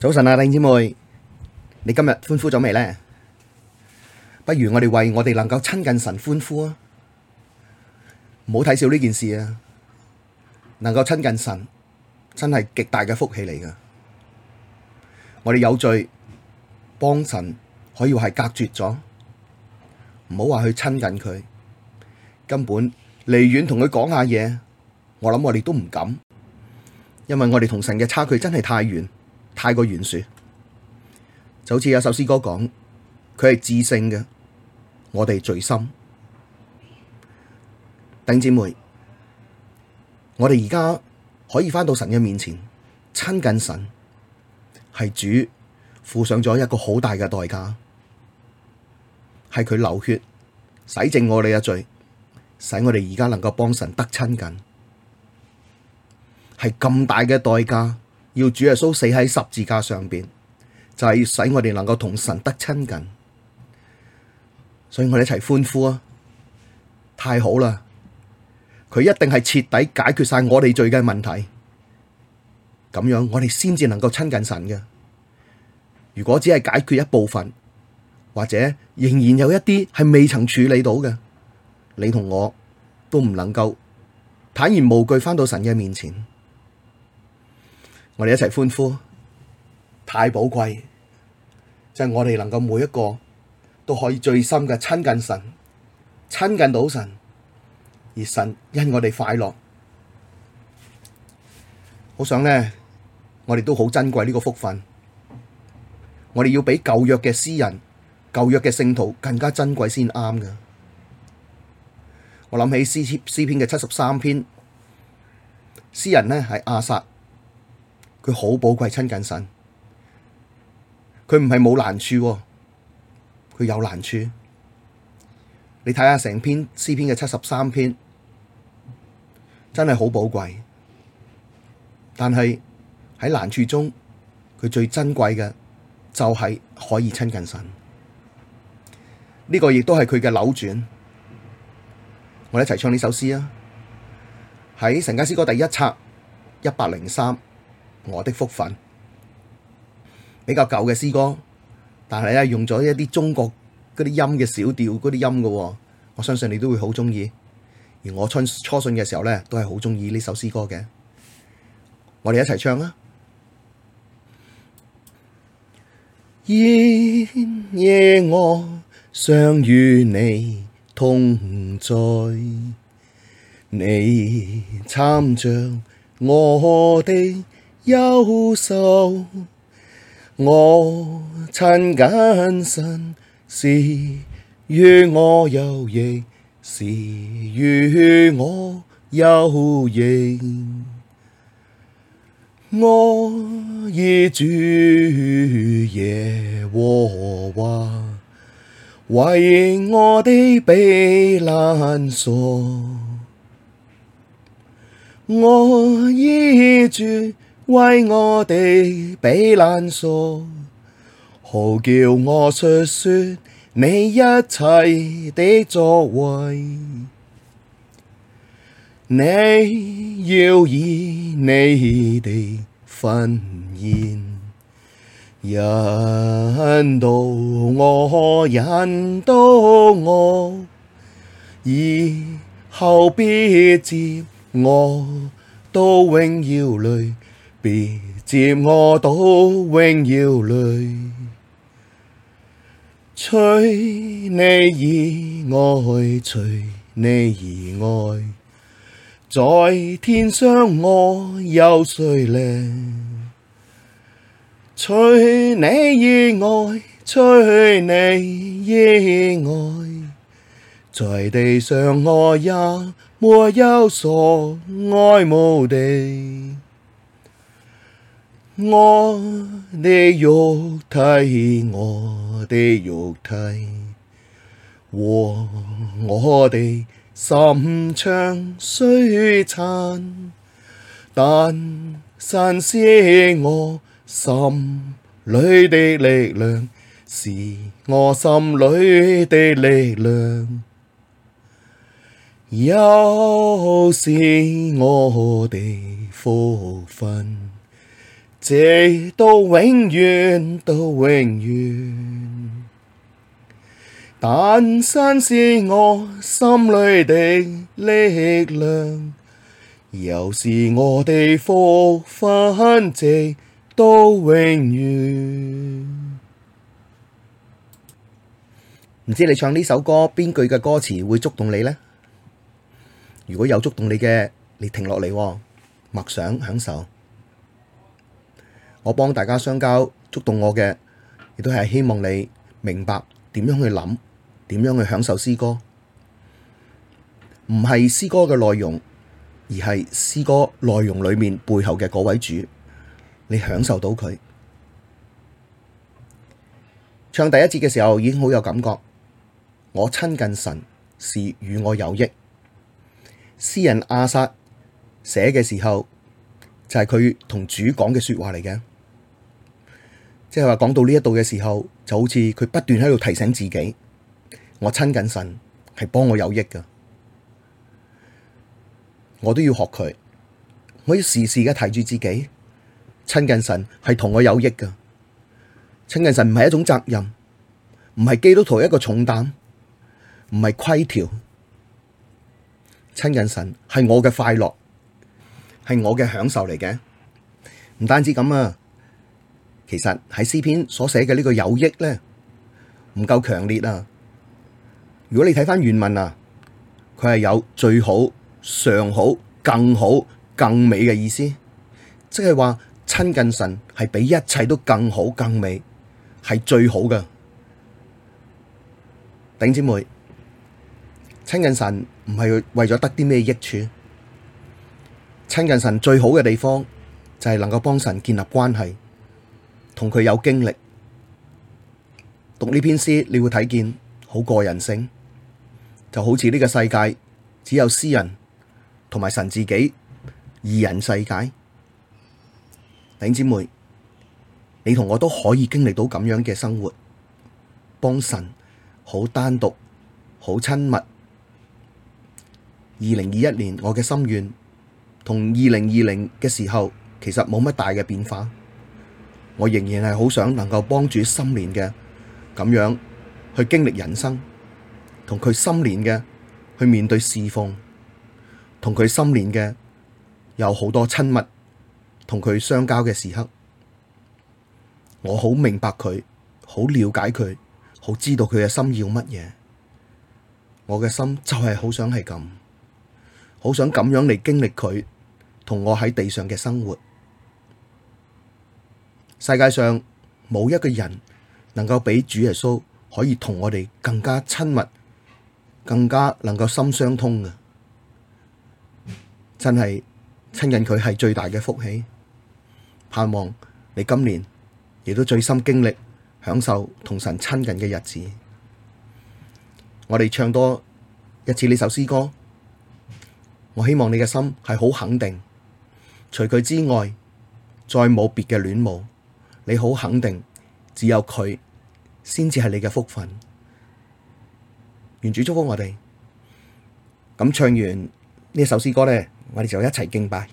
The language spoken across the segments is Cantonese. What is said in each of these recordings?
早晨啊，弟兄姊妹，你今日歡呼咗未呢？不如我哋為我哋能夠親近神歡呼啊！唔好睇笑呢件事啊！能夠親近神，真係極大嘅福氣嚟噶。我哋有罪，幫神可以話係隔絕咗，唔好話去親近佢。根本離遠同佢講下嘢，我諗我哋都唔敢，因為我哋同神嘅差距真係太遠。太過懸殊，就好似有首詩歌講，佢係至聖嘅，我哋罪深。弟兄姊妹，我哋而家可以返到神嘅面前親近神，係主付上咗一個好大嘅代價，係佢流血洗淨我哋嘅罪，使我哋而家能夠幫神得親近，係咁大嘅代價。要主耶穌死喺十字架上邊，就係使我哋能夠同神得親近，所以我哋一齊歡呼啊！太好啦！佢一定係徹底解決晒我哋罪嘅問題，咁樣我哋先至能夠親近神嘅。如果只係解決一部分，或者仍然有一啲係未曾處理到嘅，你同我都唔能夠坦然無懼翻到神嘅面前。我哋一齊歡呼，太寶貴！就係我哋能夠每一個都可以最深嘅親近神、親近到神，而神因我哋快樂。好想呢，我哋都好珍貴呢個福分。我哋要比舊約嘅詩人、舊約嘅聖徒更加珍貴先啱噶。我諗起詩詩篇嘅七十三篇，詩人呢係亞薩。佢好寶貴親近神，佢唔係冇難處，佢有難處。你睇下成篇詩篇嘅七十三篇，真係好寶貴。但係喺難處中，佢最珍貴嘅就係可以親近神。呢個亦都係佢嘅扭轉。我哋一齊唱呢首詩啊！喺《神家詩歌》第一冊一百零三。我的福份比較舊嘅詩歌，但係咧用咗一啲中國嗰啲音嘅小調嗰啲音嘅，我相信你都會好鍾意。而我初初信嘅時候咧，都係好鍾意呢首詩歌嘅。我哋一齊唱啦！然而我常與你同在，你攙著我的。右手，我親近神是與我有益，是與我有益，我以主耶和華，為我的避難所，我以主。為我哋避難所，好叫我述說你一切的作為。你要以祢的訓言，引導我，引導我，以後必接我到榮耀裡。必接我到榮耀裡，除祢以外，除祢以外。在天上我有誰呢？除祢以外，除祢以外。在地上我也沒有所愛慕的。我的肉體，我的肉體，和我的心腸衰殘，但神是我心裡的力量，是我心裡的力量，又是我的福份，直到永遠，到永遠。但神是我心裏的力量，又是我的福份直到永遠。唔知你唱呢首歌，邊句嘅歌詞會觸動你呢？如果有觸動你嘅，你停落嚟喎，默想享受。我幫大家相交，觸動我嘅，亦都係希望你明白點樣去諗，點樣去享受詩歌，唔係詩歌嘅內容，而係詩歌內容裏面背後嘅嗰位主，你享受到佢。唱第一節嘅時候已經好有感覺。我親近神是與我有益。詩人阿薩寫嘅時候就係、是、佢同主講嘅說話嚟嘅。即係話講到呢一度嘅時候，就好似佢不斷喺度提醒自己：我親近神係幫我有益噶，我都要學佢，我要時時嘅提住自己，親近神係同我有益噶。親近神唔係一種責任，唔係基督徒一個重擔，唔係規條。親近神係我嘅快樂，係我嘅享受嚟嘅。唔單止咁啊！其實喺詩篇所寫嘅呢個有益咧，唔夠強烈啊！如果你睇返原文啊，佢係有最好、尚好、更好、更美嘅意思，即係話，親近神係比一切都更好、更美，係最好嘅。頂姐妹，親近神唔係為咗得啲咩益處，親近神最好嘅地方就係能夠幫神建立關係。同佢有經歷，讀呢篇詩，你會睇見好個人性，就好似呢個世界只有詩人同埋神自己二人世界。弟兄姊妹，你同我都可以經歷到咁樣嘅生活，幫神好單獨、好親密。二零二一年我嘅心願同二零二零嘅時候，其實冇乜大嘅變化。我仍然係好想能夠幫助心年嘅咁樣去經歷人生，同佢心年嘅去面對侍奉，同佢心年嘅有好多親密同佢相交嘅時刻，我好明白佢，好了解佢，好知道佢嘅心要乜嘢，我嘅心就係好想係咁，好想咁樣嚟經歷佢同我喺地上嘅生活。世界上冇一個人能夠比主耶穌可以同我哋更加親密、更加能夠心相通嘅，真係親近佢係最大嘅福氣。盼望你今年亦都最深經歷、享受同神親近嘅日子。我哋唱多一次呢首詩歌。我希望你嘅心係好肯定，除佢之外，再冇別嘅戀慕。你好肯定，只有佢先至係你嘅福分。願主祝福我哋。咁唱完呢首詩歌咧，我哋就一齊敬拜。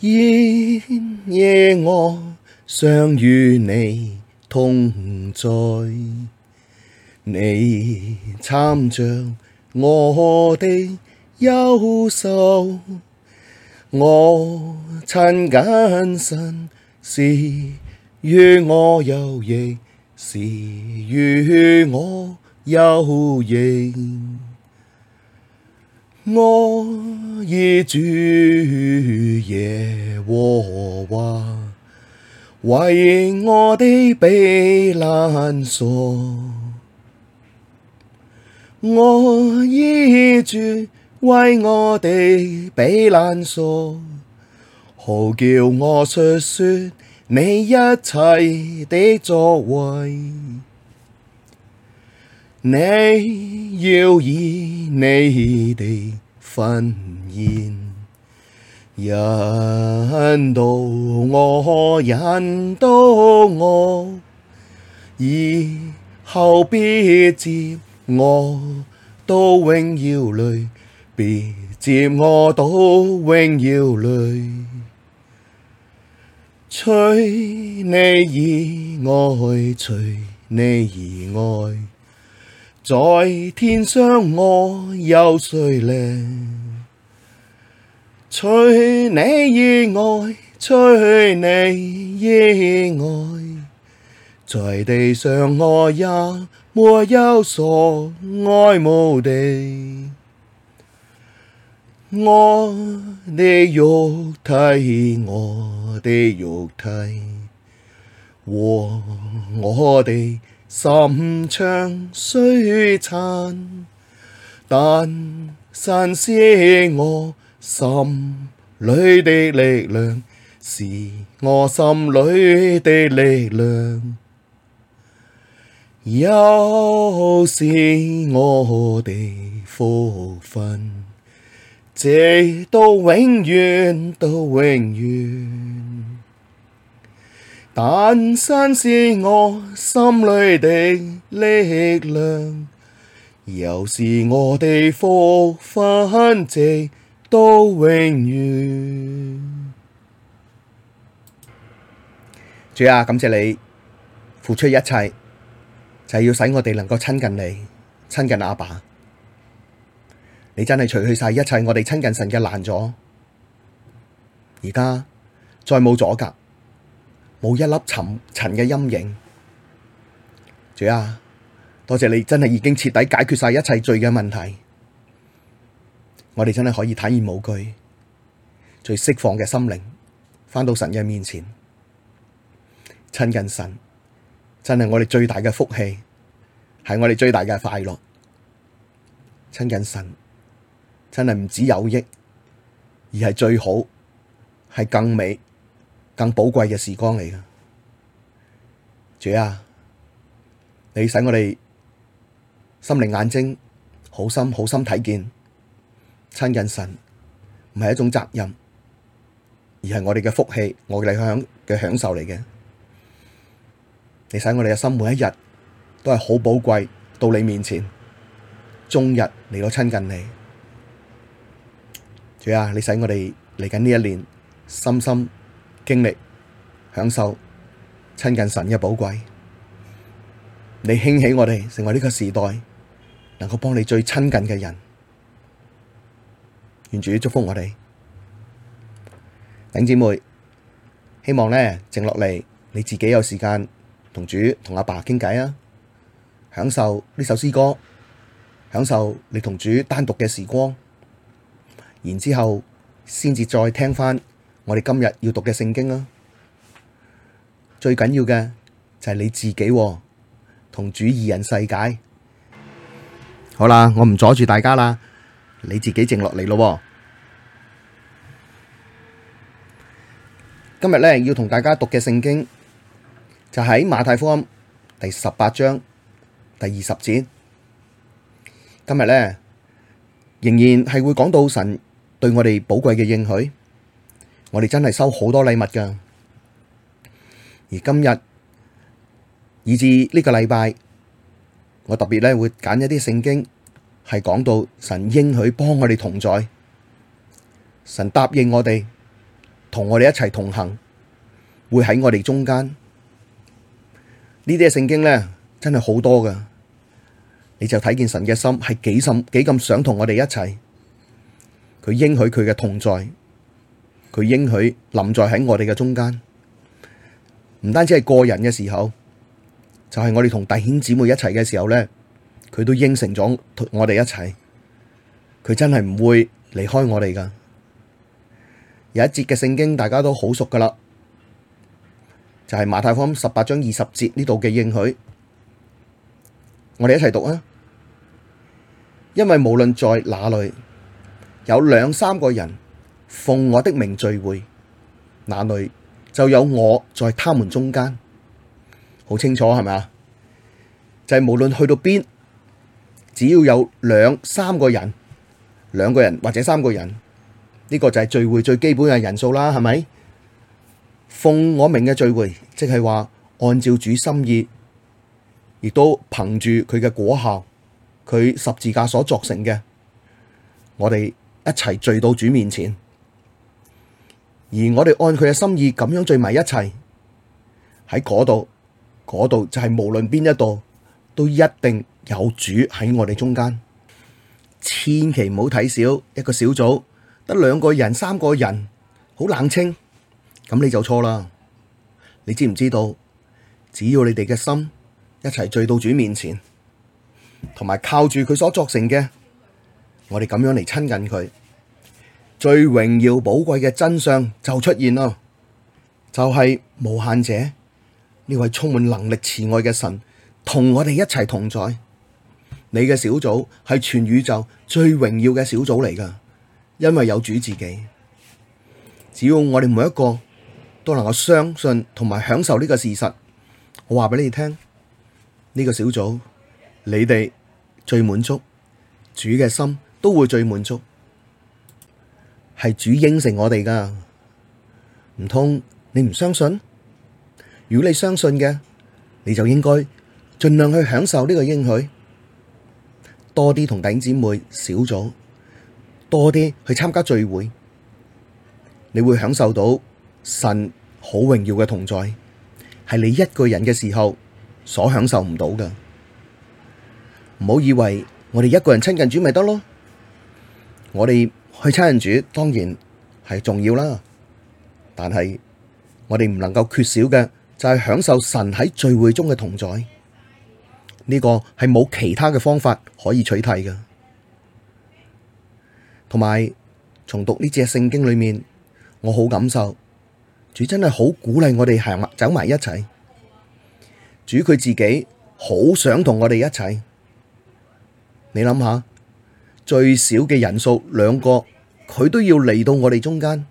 然而我常與祢同在，祢攙著我的右手。我親近神是與我有益，是與我有益。我以主耶和華，為我的避難所，我以主。為我哋避難所，好叫我述說你一切的作為，你要以你的訓言，引導我，引導我，以後必接我到榮耀裡。必接我到榮耀裡，除祢以外，除祢以外。在天上我有誰呢？除祢以外，除祢以外。在地上我也沒有所愛慕的。我的肉體，我的肉體，和我的心腸衰殘，但神是我心裡的力量，是我心裡的力量，又是我的福分。直到永遠，到永遠。但神是我心裡的力量，又是我的福份。直到永遠。主啊，感謝你付出一切，就係要使我哋能夠親近你，親近阿爸。你真係除去晒一切，我哋親近神嘅攔阻，而家再冇阻隔，冇一粒沉沉嘅陰影。主啊，多謝你真係已經徹底解決晒一切罪嘅問題，我哋真係可以體驗無懼、最釋放嘅心靈，翻到神嘅面前親近神，真係我哋最大嘅福氣，係我哋最大嘅快樂，親近神。真係唔止有益，而係最好，係更美、更寶貴嘅時光嚟噶。主啊，你使我哋心靈眼睛好深好深睇見親近神，唔係一種責任，而係我哋嘅福氣，我哋嘅嚟享嘅享受嚟嘅。你使我哋嘅心每一日都係好寶貴，到你面前終日嚟到親近你。主啊，你使我哋嚟緊呢一年，深深經歷、享受、親近神嘅寶貴。你興起我哋成為呢個時代能夠幫你最親近嘅人。願主祝福我哋，弟兄姊妹，希望咧靜落嚟，你自己有時間同主同阿爸傾偈啊，享受呢首詩歌，享受你同主單獨嘅時光。然之後，先至再聽翻我哋今日要讀嘅聖經啦。最緊要嘅就係你自己同主二人世界。好啦，我唔阻住大家啦，你自己靜落嚟咯。今日咧要同大家讀嘅聖經就喺馬太福音第十八章第二十節。今日咧仍然係會講到神，對我哋寶貴嘅應許，我哋真係收好多禮物噶。而今日以至呢個禮拜，我特別咧會揀一啲聖經係講到神應許幫我哋同在，神答應我哋同我哋一齊同行，會喺我哋中間。呢啲嘅聖經呢真係好多噶，你就睇見神嘅心係幾深幾咁想同我哋一齊。佢應許佢嘅同在，佢應許臨在喺我哋嘅中間。唔單止係個人嘅時候，就係我哋同弟兄姐妹一齊嘅時候呢，佢都應承咗我哋一齊，佢真係唔會離開我哋㗎。有一節嘅聖經大家都好熟㗎喇，就係馬太福音十八章二十節呢度嘅應許，我哋一齊讀啦，因為無論在哪裡，有兩三個人奉我的名聚會，那裏就有我在他們中間。好清楚係咪啊？就係、是、無論去到邊，只要有兩三個人，兩個人或者三個人，呢、這個就係聚會最基本嘅人數啦，係咪？奉我名嘅聚會，即係話按照主心意，亦都憑住佢嘅果效，佢十字架所作成嘅，我哋。一齊聚到主面前，而我哋按佢嘅心意咁樣聚埋一齊喺嗰度，嗰度就係無論邊一度都一定有主喺我哋中間。千祈唔好睇少一個小組，得兩個人、三個人，好冷清，咁你就錯啦。你知唔知道？只要你哋嘅心一齊聚到主面前，同埋靠住佢所作成嘅。我哋咁樣嚟親近佢，最榮耀寶貴嘅真相就出現咯，就係無限者呢位充滿能力慈愛嘅神同我哋一齊同在。你嘅小組係全宇宙最榮耀嘅小組嚟噶，因為有主自己。只要我哋每一個都能夠相信同埋享受呢個事實，我話俾你聽，呢個小組你哋最滿足主嘅心。都會最滿足。係主應承我哋噶，唔通你唔相信？如果你相信嘅，你就應該盡量去享受呢個應許，多啲同弟兄姊妹小組，多啲去參加聚會，你會享受到神好榮耀嘅同在，係你一個人嘅時候所享受唔到噶。唔好以為我哋一個人親近主咪得咯。我哋去親近主，當然係重要啦。但係我哋唔能夠缺少嘅，就係享受神喺聚會中嘅同在。呢個係冇其他嘅方法可以取代嘅。同埋，重讀呢隻聖經裡面，我好感受主真係好鼓勵我哋行走埋一齊。主佢自己好想同我哋一齊。你諗下。最少嘅人數兩個，佢都要嚟到我哋中間。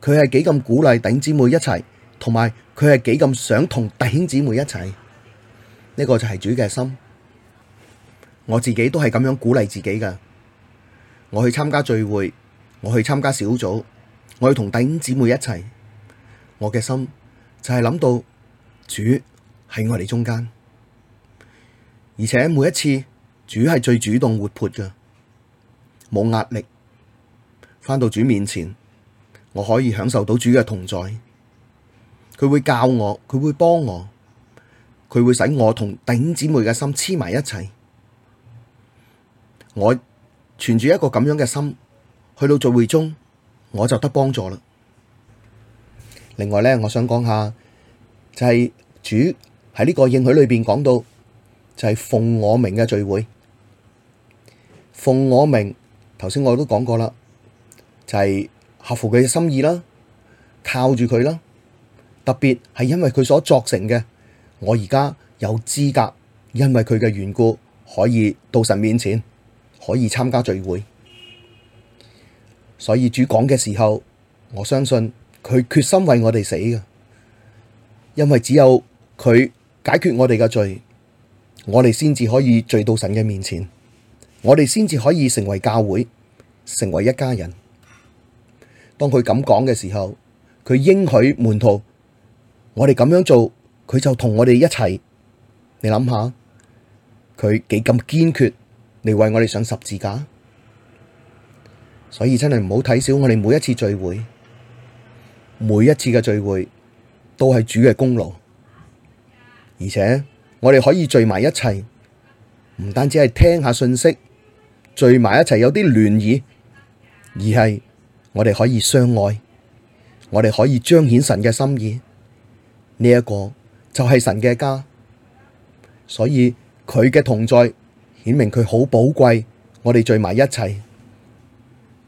佢係幾咁鼓勵弟兄姊妹一齊，同埋佢係幾咁想同弟兄姊妹一齊。呢個就係主嘅心。我自己都係咁樣鼓勵自己噶。我去參加聚會，我去參加小組，我要同弟兄姊妹一齊。我嘅心就係諗到主喺我哋中間，而且每一次主係最主動活潑噶。冇壓力，翻到主面前，我可以享受到主嘅同在。佢會教我，佢會幫我，佢會使我同弟兄姊妹嘅心黐埋一齊。我存住一個咁樣嘅心，去到聚會中，我就得幫助啦。另外咧，我想講下，就係主喺呢個應許裏邊講到，就係奉我名嘅聚會，奉我名。頭先我都講過啦，就係合乎佢嘅心意啦，靠住佢啦，特別係因為佢所作成嘅，我而家有資格因為佢嘅緣故，可以到神面前，可以參加聚會。所以主講嘅時候，我相信佢決心為我哋死嘅，因為只有佢解決我哋嘅罪，我哋先至可以聚到神嘅面前。我哋先至可以成為教會，成為一家人。當佢咁講嘅時候，佢應許門徒：我哋咁樣做，佢就同我哋一齊。你諗下，佢幾咁堅決嚟為我哋上十字架。所以真係唔好睇小我哋每一次聚會，每一次嘅聚會都係主嘅功勞。而且我哋可以聚埋一齊，唔單止係聽下信息。聚埋一齊有啲聯誼，而係我哋可以相愛，我哋可以彰顯神嘅心意。呢一個就係神嘅家，所以佢嘅同在顯明佢好寶貴。我哋聚埋一齊，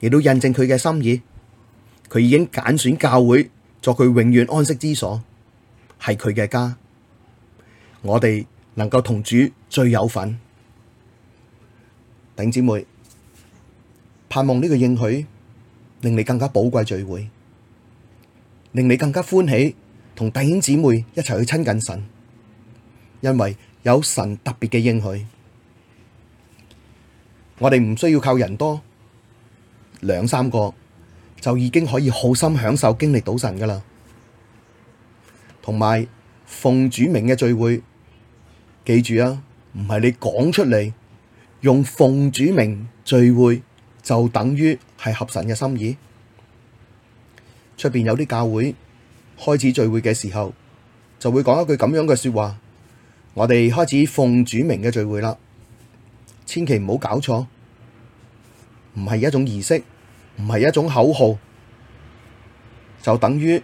亦都印證佢嘅心意。佢已經揀選教會作佢永遠安息之所，係佢嘅家。我哋能夠同主最有份。弟兄姊妹，盼望呢個應許令你更加寶貴聚會，令你更加歡喜同弟兄姊妹一齊去親近神，因為有神特別嘅應許，我哋唔需要靠人多，兩三個就已經可以好心享受經歷到神噶啦，同埋奉主名嘅聚會，記住啊，唔係你講出嚟。用奉主名聚會就等於係合神嘅心意。出邊有啲教會開始聚會嘅時候，就會講一句咁樣嘅說話：我哋開始奉主名嘅聚會啦。千祈唔好搞錯，唔係一種儀式，唔係一種口號，就等於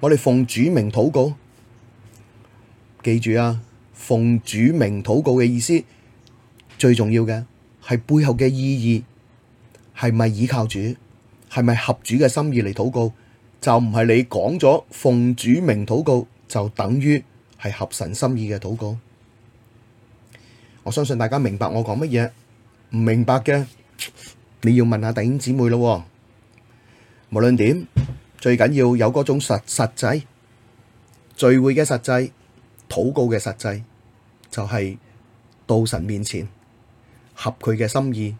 我哋奉主名禱告。記住啊，奉主名禱告嘅意思。最重要嘅係背後嘅意義，係咪倚靠主，係咪合主嘅心意嚟禱告？就唔係你講咗奉主名禱告就等於係合神心意嘅禱告。我相信大家明白我講乜嘢，唔明白嘅你要問下弟兄姊妹咯。無論點，最緊要有嗰種實實際聚會嘅實際禱告嘅實際，就係到神面前。合佢嘅心意，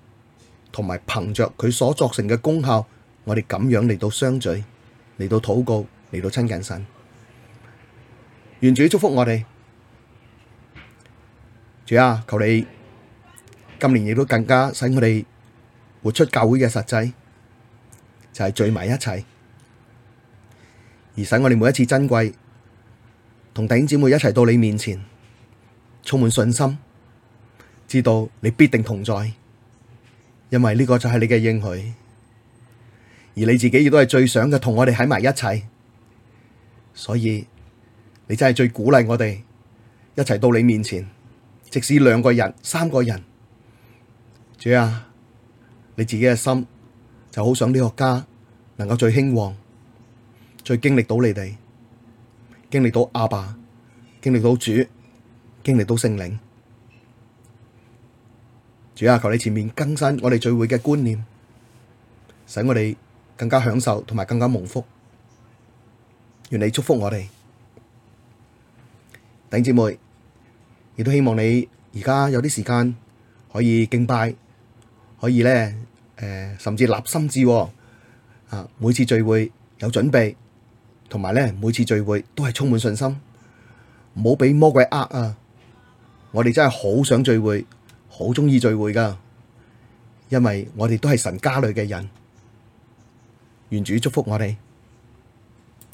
同埋憑着佢所作成嘅功效，我哋咁樣嚟到相聚，嚟到禱告，嚟到親近神。願主祝福我哋，主啊，求你今年亦都更加使我哋活出教會嘅實際，就係、是、聚埋一齊，而使我哋每一次珍貴同弟兄姊妹一齊到你面前，充滿信心。知道你必定同在，因為呢個就係你嘅應許，而你自己亦都係最想嘅同我哋喺埋一齊。所以你真係最鼓勵我哋一齊到你面前，即使兩個人，三個人，主啊，你自己嘅心就好想呢個家能夠最興旺，最經歷到你哋，經歷到阿爸，經歷到主，經歷到聖靈。主啊，求你前面更新我哋聚會嘅觀念，使我哋更加享受同埋更加蒙福。願你祝福我哋，弟兄姊妹，亦都希望你而家有啲時間可以敬拜，可以咧，誒，甚至立心志，啊，每次聚會有準備，同埋咧，每次聚會都係充滿信心，唔好俾魔鬼呃啊！我哋真係好想聚會。好鍾意聚會㗎，因為我哋都係神家裏嘅人，願主祝福我哋。